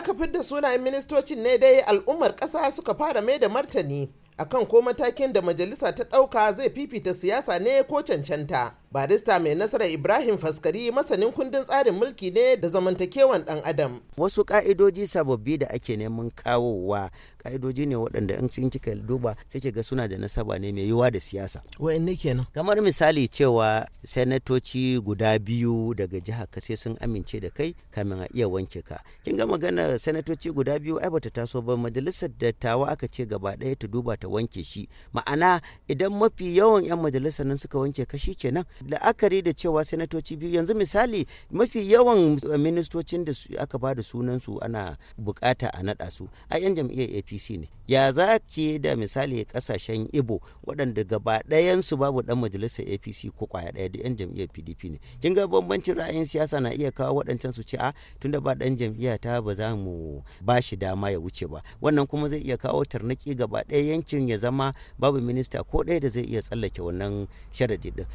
aka fidda sunayen ministocin ne dai al'ummar ƙasa suka fara mai da martani akan ko matakin da majalisa ta ɗauka zai fifita siyasa ne ko cancanta barista mai nasara ibrahim faskari masanin kundin tsarin mulki ne da zamantakewan dan adam wasu ka'idoji sababbi da ake neman kawowa ka'idoji ne waɗanda in sun kika duba sai ga suna da nasaba ne mai yiwa da siyasa ne kenan kamar misali cewa sanatoci guda biyu daga jiha ka sai sun amince da kai kamin a iya wanke ka kin ga magana sanatoci guda biyu ai bata taso ba majalisar dattawa aka ce gaba ɗaya ta duba ta wanke shi ma'ana idan mafi yawan yan majalisar nan suka wanke ka shi kenan la'akari da cewa sanatoci biyu yanzu misali mafi yawan ministocin da aka ba da sunansu ana bukata a naɗa su a 'yan jam'iyyar apc ne ya za ce da misali kasashen ibo waɗanda gaba ɗayansu babu ɗan majalisar apc ko kwaya ɗaya da 'yan jam'iyyar pdp ne kin ga bambancin ra'ayin siyasa na iya kawo waɗancan su ce a ah, tunda ba dan jam'iyya ta ba za mu ba shi dama ya wuce ba wannan kuma zai iya kawo tarnaki gaba ɗaya yankin ya zama babu minista ko ɗaya da zai iya tsallake wannan sharadi din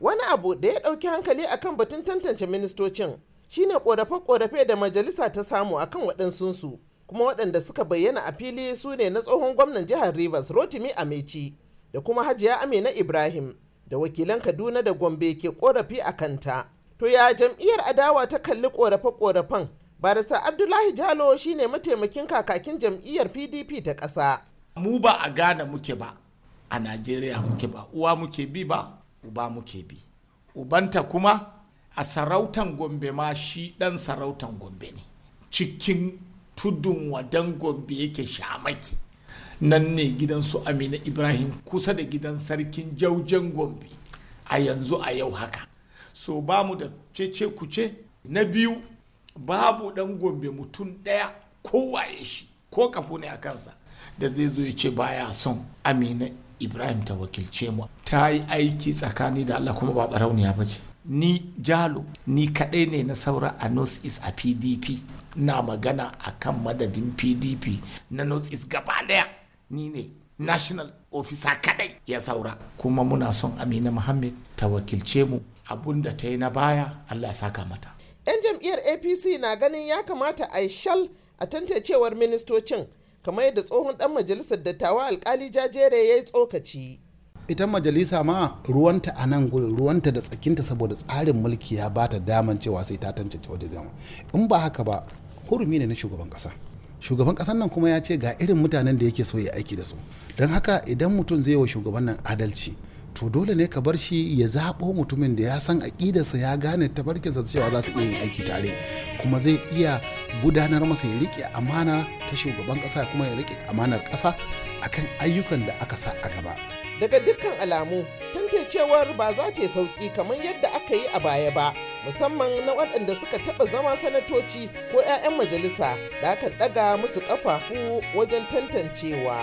wani abu da ya ɗauki hankali akan batun tantance ministocin shine ƙorafe-ƙorafe da majalisa ta samu akan waɗansunsu kuma waɗanda suka bayyana a fili su ne na tsohon gwamnan jihar rivers rotimi a Meci da kuma hajiya amina ibrahim da wakilan kaduna da gombe ke ƙorafi a kanta to ya jam'iyyar adawa ta kalli ƙorafe-ƙorafen barista abdullahi jalo shine mataimakin kakakin jam'iyyar pdp ta ƙasa mu ba a gane muke ba a najeriya muke ba uwa muke bi ba uba muke bi ubanta kuma a sarautan gombe ma shi dan sarautan gombe ne cikin tudun wadan gombe yake shamaki nan ne gidan su amina ibrahim kusa da gidan sarkin jaujen gombe a yanzu a yau haka so ba mu da cece kuce na biyu babu dan gombe mutum ɗaya kowaye shi ko kafo ne a kansa da zai zo ya ce baya son amina ibrahim ta wakilce mu ta yi aiki tsakani da allah kuma ba barauniya ba ce ni jalo ni kaɗai ne na saura a north east a pdp na magana a kan madadin pdp na north east gaba daya ni ne national officer kaɗai ya saura kuma muna son amina muhammad ta wakilce mu abun da ta yi na baya allah saka mata 'yan jam'iyyar apc na ganin ya kamata a shal a tantancewar ministocin kamar yadda tsohon dan majalisar dattawa alkali jajere ya yi tsokaci ita majalisa ma ruwanta a nan gudun ruwanta da tsakinta saboda tsarin mulki ya ba ta daman cewa sai ta tantance wajen zama in ba haka ba hurumi ne na shugaban kasa shugaban kasa nan kuma ya ce ga irin mutanen da yake so ya aiki da su don haka idan mutum zai yi wa shugaban nan adalci to dole ne ka bar shi ya zaɓo mutumin da ya san aƙidarsa ya gane tabarkinsa cewa za su iya yin aiki tare kuma zai iya gudanar masa ya riƙe amana ta shugaban ƙasa kuma ya riƙe amanar ƙasa akan ayyukan da aka sa a gaba. Daga dukkan alamu, tantancewar ba za ta yi sauƙi kamar yadda aka yi a baya ba, musamman na waɗanda suka taɓa zama sanatoci ko 'ya'yan majalisa da aka ɗaga musu ƙafafu wajen tantancewa.